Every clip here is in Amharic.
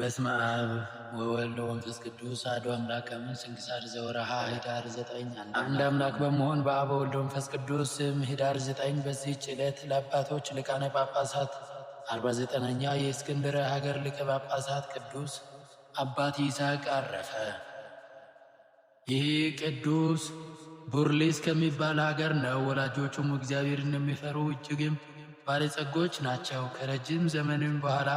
በስመ አብ ወወልድ ወመንፈስ ቅዱስ አሐዱ አምላክ አሜን። ስንክሳር ዘወርኀ ኅዳር ዘጠኝ አንድ አምላክ በመሆን በአብ ወልድ መንፈስ ቅዱስ ስም ኅዳር ዘጠኝ በዚህች ዕለት ለአባቶች ሊቃነ ጳጳሳት አርባ ዘጠነኛ የእስክንድር ሀገር ሊቀ ጳጳሳት ቅዱስ አባት ይስሐቅ አረፈ። ይህ ቅዱስ ቡርሊስ ከሚባል ሀገር ነው። ወላጆቹም እግዚአብሔርን የሚፈሩ እጅግም ባለጸጎች ናቸው። ከረጅም ዘመንም በኋላ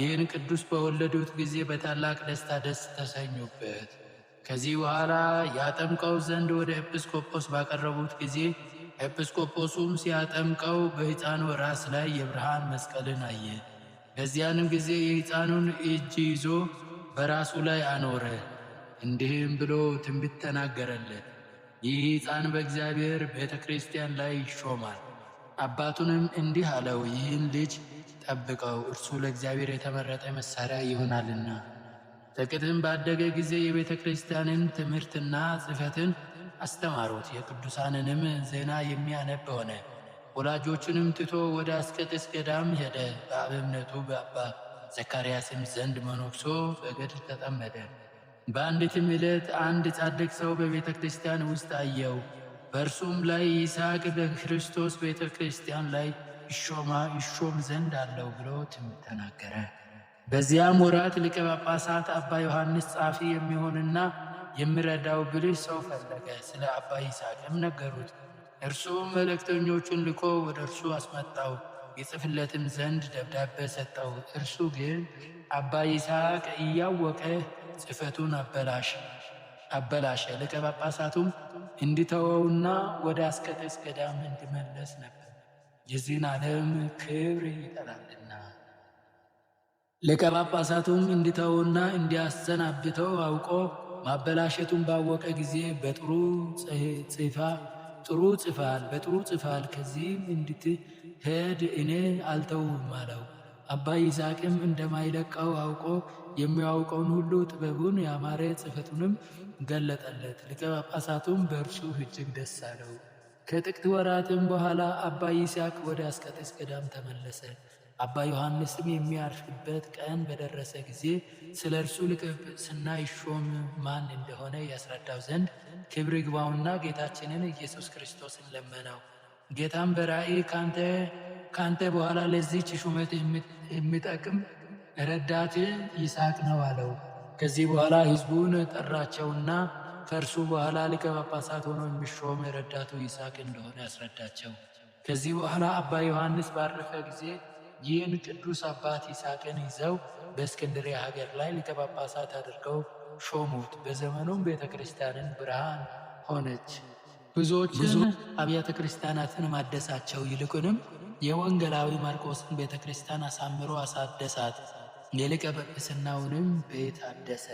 ይህን ቅዱስ በወለዱት ጊዜ በታላቅ ደስታ ደስ ተሰኙበት። ከዚህ በኋላ ያጠምቀው ዘንድ ወደ ኤጲስቆጶስ ባቀረቡት ጊዜ ኤጲስቆጶሱም ሲያጠምቀው በሕፃኑ ራስ ላይ የብርሃን መስቀልን አየ። በዚያንም ጊዜ የሕፃኑን እጅ ይዞ በራሱ ላይ አኖረ። እንዲህም ብሎ ትንቢት ተናገረለት። ይህ ሕፃን በእግዚአብሔር ቤተ ክርስቲያን ላይ ይሾማል። አባቱንም እንዲህ አለው፣ ይህን ልጅ ጠብቀው፣ እርሱ ለእግዚአብሔር የተመረጠ መሳሪያ ይሆናልና። ጥቂትም ባደገ ጊዜ የቤተ ክርስቲያንን ትምህርትና ጽፈትን አስተማሩት። የቅዱሳንንም ዜና የሚያነብ ሆነ። ወላጆቹንም ትቶ ወደ አስቀጥስ ገዳም ሄደ። በአበምነቱ በአባ ዘካርያስም ዘንድ መኖክሶ በገድል ተጠመደ። በአንዲትም ዕለት አንድ ጻድቅ ሰው በቤተ ክርስቲያን ውስጥ አየው። በእርሱም ላይ ይስሐቅ በክርስቶስ ቤተ ክርስቲያን ላይ ይሾም ዘንድ አለው ብሎ ተናገረ። በዚያም ወራት ሊቀ ጳጳሳት አባ ዮሐንስ ጻፊ የሚሆንና የሚረዳው ብልህ ሰው ፈለገ። ስለ አባ ይስሐቅም ነገሩት። እርሱም መልእክተኞቹን ልኮ ወደ እርሱ አስመጣው። የጽፍለትም ዘንድ ደብዳቤ ሰጠው። እርሱ ግን አባ ይስሐቅ እያወቀ ጽፈቱን አበላሸ አበላሸ። ሊቀ ጳጳሳቱም እንዲተወውና ወደ አስቄጥስ ገዳም እንዲመለስ ነበር። የዚህን ዓለም ክብር ይጠላልና ሊቀ ጳጳሳቱም እንዲተውና እንዲያሰናብተው አውቆ ማበላሸቱን ባወቀ ጊዜ በጥሩ ጽፋ ጥሩ ጽፋል በጥሩ ጽፋል ከዚህም እንድትሄድ እኔ አልተውም አለው። አባ ይስሐቅም እንደማይለቀው አውቆ የሚያውቀውን ሁሉ ጥበቡን ያማረ ጽፈቱንም ገለጠለት። ሊቀ ጳጳሳቱም በእርሱ እጅግ ደስ አለው። ከጥቂት ወራትም በኋላ አባ ይስሐቅ ወደ አስቀጥስ ገዳም ተመለሰ። አባ ዮሐንስም የሚያርፍበት ቀን በደረሰ ጊዜ ስለ እርሱ ሊቀ ይሾም ማን እንደሆነ ያስረዳው ዘንድ ክብር ይግባውና ጌታችንን ኢየሱስ ክርስቶስን ለመነው። ጌታም በራእይ ካንተ በኋላ ለዚች ሹመት የሚጠቅም ረዳት ይስሐቅ ነው አለው። ከዚህ በኋላ ሕዝቡን ጠራቸውና ከእርሱ በኋላ ሊቀ ጳጳሳት ሆኖ የሚሾም የረዳቱ ይስሐቅ እንደሆነ ያስረዳቸው። ከዚህ በኋላ አባ ዮሐንስ ባረፈ ጊዜ ይህን ቅዱስ አባት ይስሐቅን ይዘው በእስክንድርያ ሀገር ላይ ሊቀ ጳጳሳት አድርገው ሾሙት። በዘመኑም ቤተ ክርስቲያንን ብርሃን ሆነች። ብዙዎችን አብያተ ክርስቲያናትን ማደሳቸው፣ ይልቁንም የወንጌላዊ ማርቆስን ቤተ ክርስቲያን አሳምሮ አሳደሳት። የሊቀ ጵጵስናውንም ቤት አደሰ።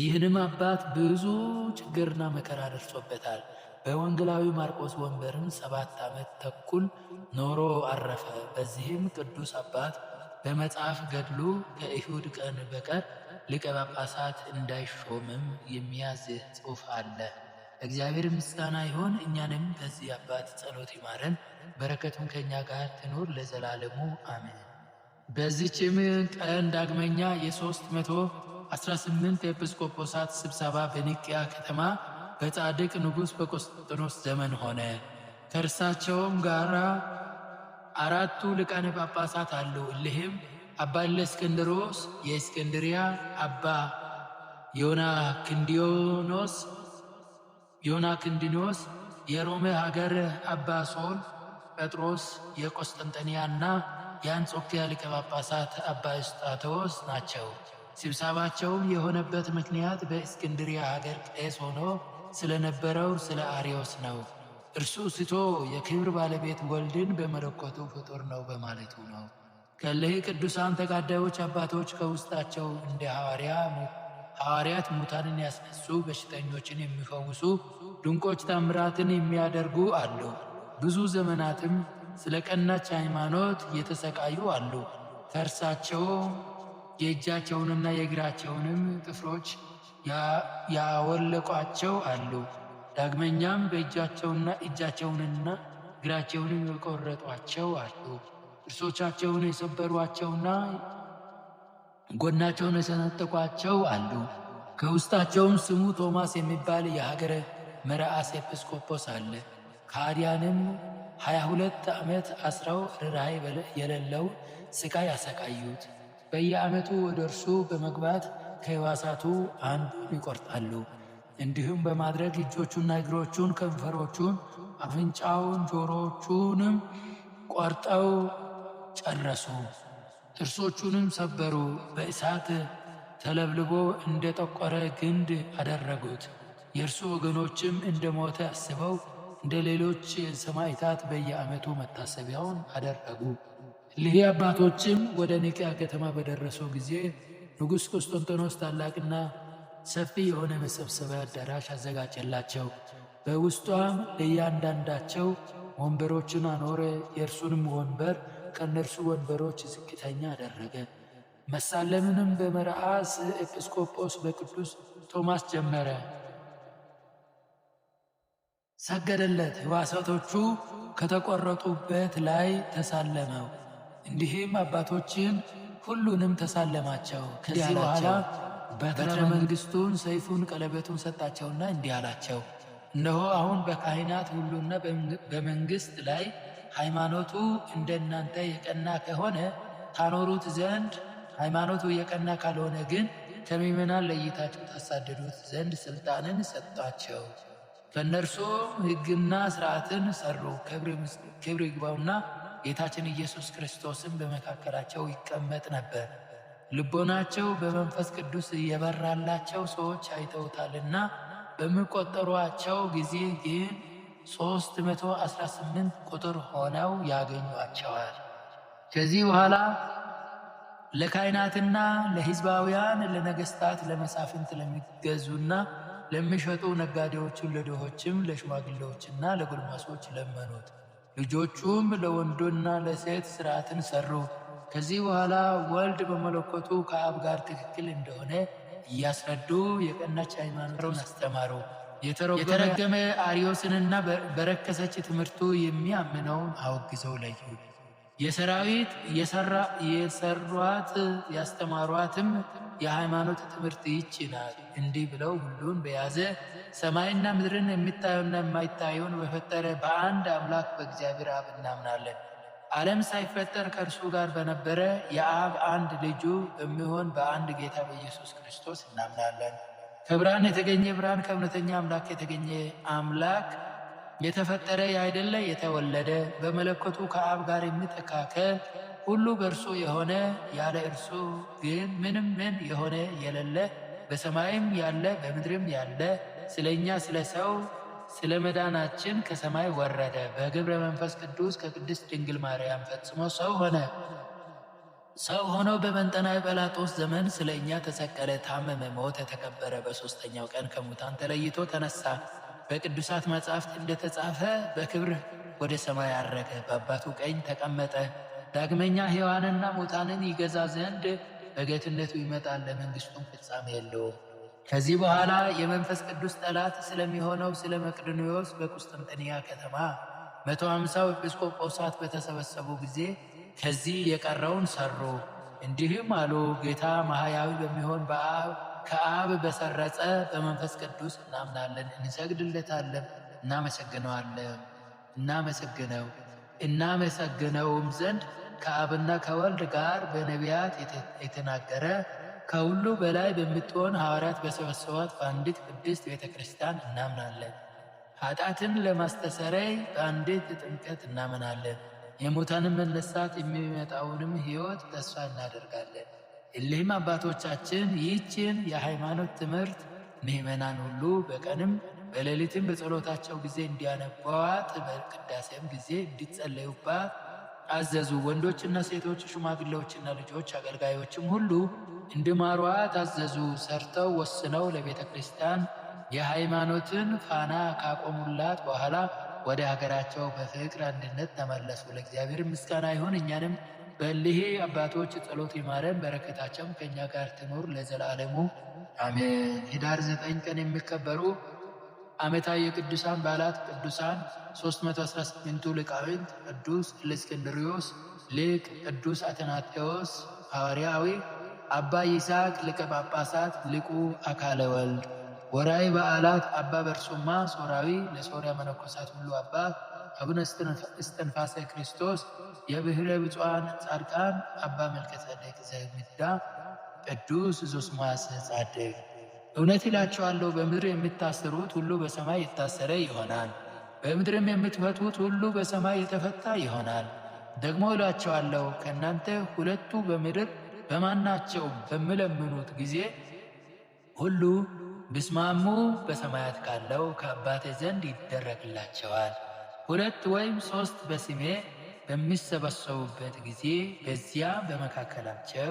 ይህንም አባት ብዙ ችግርና መከራ ደርሶበታል። በወንጌላዊ ማርቆስ ወንበርም ሰባት ዓመት ተኩል ኖሮ አረፈ። በዚህም ቅዱስ አባት በመጽሐፍ ገድሉ ከእሁድ ቀን በቀር ሊቀ ጳጳሳት እንዳይሾምም የሚያዝ ጽሑፍ አለ። እግዚአብሔር ምስጋና ይሆን። እኛንም በዚህ አባት ጸሎት ይማረን፣ በረከቱም ከእኛ ጋር ትኖር ለዘላለሙ አሜን። በዚችም ቀን ዳግመኛ የሦስት መቶ 18 የኤጲስቆጶሳት ስብሰባ በኒቅያ ከተማ በጻድቅ ንጉሥ በቆስጥንጦስ ዘመን ሆነ። ከእርሳቸውም ጋር አራቱ ሊቃነ ጳጳሳት አሉ። እልህም አባ እለእስክንድሮስ የእስክንድሪያ፣ አባ ዮናክንዲኖስ ክንዲኖስ የሮሜ ሀገር፣ አባ ሶን ጴጥሮስ የቆስጠንጠንያና የአንጾኪያ ሊቀ ጳጳሳት አባ እስጣቴዎስ ናቸው። ስብሰባቸውም የሆነበት ምክንያት በእስክንድሪያ ሀገር ቄስ ሆኖ ስለነበረው ስለ አርዮስ ነው። እርሱ ስቶ የክብር ባለቤት ወልድን በመለኮቱ ፍጡር ነው በማለቱ ነው። ከእሊህ ቅዱሳን ተጋዳዮች አባቶች ከውስጣቸው እንደ ሐዋርያት ሙታንን ያስነሱ፣ በሽተኞችን የሚፈውሱ፣ ድንቆች ታምራትን የሚያደርጉ አሉ። ብዙ ዘመናትም ስለ ቀናች ሃይማኖት የተሰቃዩ አሉ። ተርሳቸው ። የእጃቸውንና የእግራቸውንም ጥፍሮች ያወለቋቸው አሉ። ዳግመኛም በእጃቸውና እጃቸውንና እግራቸውንም የቆረጧቸው አሉ። ጥርሶቻቸውን የሰበሯቸውና ጎናቸውን የሰነጠቋቸው አሉ። ከውስጣቸውም ስሙ ቶማስ የሚባል የሀገረ መርዓስ ኤጲስቆጶስ አለ። ከሃዲያንም ሀያ ሁለት ዓመት አስረው ርኅራኄ የሌለው ሥቃይ አሰቃዩት። በየዓመቱ ወደ እርሱ በመግባት ከሕዋሳቱ አንዱን ይቆርጣሉ። እንዲሁም በማድረግ እጆቹና እግሮቹን፣ ከንፈሮቹን፣ አፍንጫውን፣ ጆሮቹንም ቆርጠው ጨረሱ። ጥርሶቹንም ሰበሩ። በእሳት ተለብልቦ እንደ ጠቆረ ግንድ አደረጉት። የእርሱ ወገኖችም እንደ ሞተ አስበው እንደ ሌሎች ሰማዕታት በየዓመቱ መታሰቢያውን አደረጉ። እሊህ አባቶችም ወደ ኒቅያ ከተማ በደረሰው ጊዜ ንጉሥ ቆስጠንጢኖስ ታላቅና ሰፊ የሆነ መሰብሰቢያ አዳራሽ አዘጋጀላቸው። በውስጧም ለእያንዳንዳቸው ወንበሮችን አኖረ። የእርሱንም ወንበር ከእነርሱ ወንበሮች ዝቅተኛ አደረገ። መሳለምንም በመርዓስ ኤጲስቆጶስ በቅዱስ ቶማስ ጀመረ። ሰገደለት። ሕዋሳቶቹ ከተቆረጡበት ላይ ተሳለመው። እንዲህም አባቶችን ሁሉንም ተሳለማቸው። ከዚህ በኋላ በትረ መንግስቱን፣ ሰይፉን፣ ቀለበቱን ሰጣቸውና እንዲህ አላቸው፣ እነሆ አሁን በካህናት ሁሉና በመንግስት ላይ ሃይማኖቱ እንደናንተ የቀና ከሆነ ታኖሩት ዘንድ ሃይማኖቱ የቀና ካልሆነ ግን ከምዕመናን ለይታችሁ ታሳደዱት ዘንድ ስልጣንን ሰጣቸው። በእነርሱም ሕግና ስርዓትን ሰሩ። ክብር ይግባውና ጌታችን ኢየሱስ ክርስቶስም በመካከላቸው ይቀመጥ ነበር። ልቦናቸው በመንፈስ ቅዱስ የበራላቸው ሰዎች አይተውታልና በሚቆጠሯቸው ጊዜ ግን 318 ቁጥር ሆነው ያገኟቸዋል። ከዚህ በኋላ ለካህናትና ለሕዝባውያን፣ ለነገሥታት፣ ለመሳፍንት፣ ለሚገዙና ለሚሸጡ ነጋዴዎችን፣ ለድሆችም፣ ለሽማግሌዎችና ለጎልማሶች ለመኑት። ልጆቹም ለወንዱና ለሴት ሥርዓትን ሠሩ። ከዚህ በኋላ ወልድ በመለኮቱ ከአብ ጋር ትክክል እንደሆነ እያስረዱ የቀናች ሃይማኖትን አስተማሩ። የተረገመ አርዮስንና በረከሰች ትምህርቱ የሚያምነውን አወግዘው ለዩ። የሰራዊት የሰሯት ያስተማሯትም የሃይማኖት ትምህርት ይች ናት። እንዲህ ብለው ሁሉን በያዘ ሰማይና ምድርን የሚታየውና የማይታየውን በፈጠረ በአንድ አምላክ በእግዚአብሔር አብ እናምናለን። ዓለም ሳይፈጠር ከእርሱ ጋር በነበረ የአብ አንድ ልጁ የሚሆን በአንድ ጌታ በኢየሱስ ክርስቶስ እናምናለን። ከብርሃን የተገኘ ብርሃን፣ ከእውነተኛ አምላክ የተገኘ አምላክ የተፈጠረ ያይደለ የተወለደ በመለኮቱ ከአብ ጋር የሚተካከል ሁሉ በእርሱ የሆነ ያለ እርሱ ግን ምንም ምን የሆነ የሌለ በሰማይም ያለ በምድርም ያለ ስለኛ ስለ ሰው ስለ መዳናችን ከሰማይ ወረደ። በግብረ መንፈስ ቅዱስ ከቅድስት ድንግል ማርያም ፈጽሞ ሰው ሆነ። ሰው ሆኖ በመንጠናዊ ጲላጦስ ዘመን ስለ እኛ ተሰቀለ፣ ታመመ፣ ሞተ፣ ተቀበረ። በሦስተኛው ቀን ከሙታን ተለይቶ ተነሳ። በቅዱሳት መጻሕፍት እንደተጻፈ በክብር ወደ ሰማይ አረገ፣ በአባቱ ቀኝ ተቀመጠ። ዳግመኛ ሕያዋንና ሙታንን ይገዛ ዘንድ በጌትነቱ ይመጣል፣ ለመንግሥቱም ፍጻሜ የለውም። ከዚህ በኋላ የመንፈስ ቅዱስ ጠላት ስለሚሆነው ስለ መቅዶንዮስ በቁስጥንጥንያ ከተማ መቶ አምሳው ኤጲስቆጶሳት በተሰበሰቡ ጊዜ ከዚህ የቀረውን ሰሩ፣ እንዲህም አሉ፦ ጌታ ማሕያዊ በሚሆን በአብ ከአብ በሰረጸ በመንፈስ ቅዱስ እናምናለን፣ እንሰግድለታለን፣ እናመሰግነዋለን። እናመሰግነው እናመሰግነውም ዘንድ ከአብና ከወልድ ጋር በነቢያት የተናገረ ከሁሉ በላይ በምትሆን ሐዋርያት በሰበሰቧት በአንዲት ቅድስት ቤተ ክርስቲያን እናምናለን። ኃጢአትን ለማስተሰረይ በአንዲት ጥምቀት እናምናለን። የሙታንን መነሳት የሚመጣውንም ሕይወት ተስፋ እናደርጋለን። እሊህም አባቶቻችን ይህችን የሃይማኖት ትምህርት ምዕመናን ሁሉ በቀንም በሌሊትም በጸሎታቸው ጊዜ እንዲያነቧት በቅዳሴም ጊዜ እንዲጸለዩባት አዘዙ። ወንዶችና ሴቶች፣ ሽማግሌዎችና ልጆች፣ አገልጋዮችም ሁሉ እንዲማሯት አዘዙ። ሰርተው ወስነው ለቤተ ክርስቲያን የሃይማኖትን ፋና ካቆሙላት በኋላ ወደ ሀገራቸው በፍቅር አንድነት ተመለሱ። ለእግዚአብሔር ምስጋና ይሁን እኛንም በእልሄ አባቶች ጸሎት ይማረን፣ በረከታቸውም ከእኛ ጋር ትኖር ለዘላለሙ አሜን። ኅዳር ዘጠኝ ቀን የሚከበሩ ዓመታዊ የቅዱሳን በዓላት ቅዱሳን 318ቱ ሊቃውንት፣ ቅዱስ እልእስክንድርዮስ ሊቅ፣ ቅዱስ አትናቴዎስ ሐዋርያዊ፣ አባ ይስሐቅ ሊቀ ጳጳሳት፣ ሊቁ አካለ ወልድ። ወርኃዊ በዓላት አባ በርሱማ ሶርያዊ፣ ለሶርያ መነኮሳት ሁሉ አባት አቡነ እስትንፋሰ ክርስቶስ የብሔረ ብፁዓን ጻድቃን አባ መልከ ጼዴቅ ዘሚዳ ቅዱስ ዞስማስ ጻድቅ። እውነት እላችኋለሁ በምድር የምታሰሩት ሁሉ በሰማይ የታሰረ ይሆናል፣ በምድርም የምትፈቱት ሁሉ በሰማይ የተፈታ ይሆናል። ደግሞ እላችኋለሁ ከእናንተ ሁለቱ በምድር በማናቸው በምለምኑት ጊዜ ሁሉ ብስማሙ በሰማያት ካለው ከአባቴ ዘንድ ይደረግላቸዋል። ሁለት ወይም ሶስት በስሜ በሚሰበሰቡበት ጊዜ በዚያ በመካከላቸው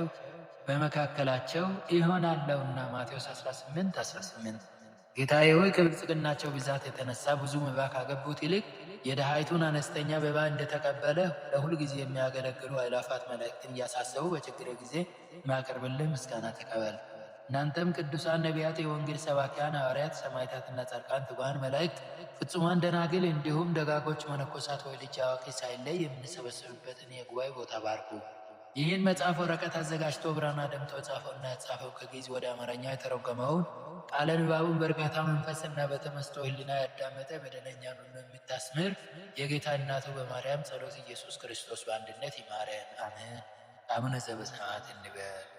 በመካከላቸው ይሆናለሁና። ማቴዎስ 18 18 ጌታዬ ሆይ ከብልጽግናቸው ብዛት የተነሳ ብዙ መባ ካገቡት ይልቅ የድሃይቱን አነስተኛ መባ እንደተቀበለ ለሁል ጊዜ የሚያገለግሉ አእላፋት መላእክትን እያሳሰቡ በችግር ጊዜ የሚያቀርብልህ ምስጋና ተቀበል። እናንተም ቅዱሳን ነቢያት፣ የወንጌል ሰባኪያን ሐዋርያት፣ ሰማዕታትና ጻድቃን፣ ትጉሃን መላእክት፣ ፍጹማን ደናግል እንዲሁም ደጋጎች መነኮሳት ወይ ልጅ አዋቂ ሳይለይ የምንሰበሰብበትን የጉባኤ ቦታ ባርኩ። ይህን መጽሐፍ ወረቀት አዘጋጅቶ ብራና ደምጦ ጻፈውና ያጻፈው ከግዕዝ ወደ አማርኛ የተረጎመውን ቃለ ንባቡን በእርጋታ መንፈስና በተመስጦ ህልና ያዳመጠ በደለኛ ሁሉ የምታስምር የጌታ እናቱ በማርያም ጸሎት ኢየሱስ ክርስቶስ በአንድነት ይማረን። አምን አቡነ ዘበሰማያት እንበል።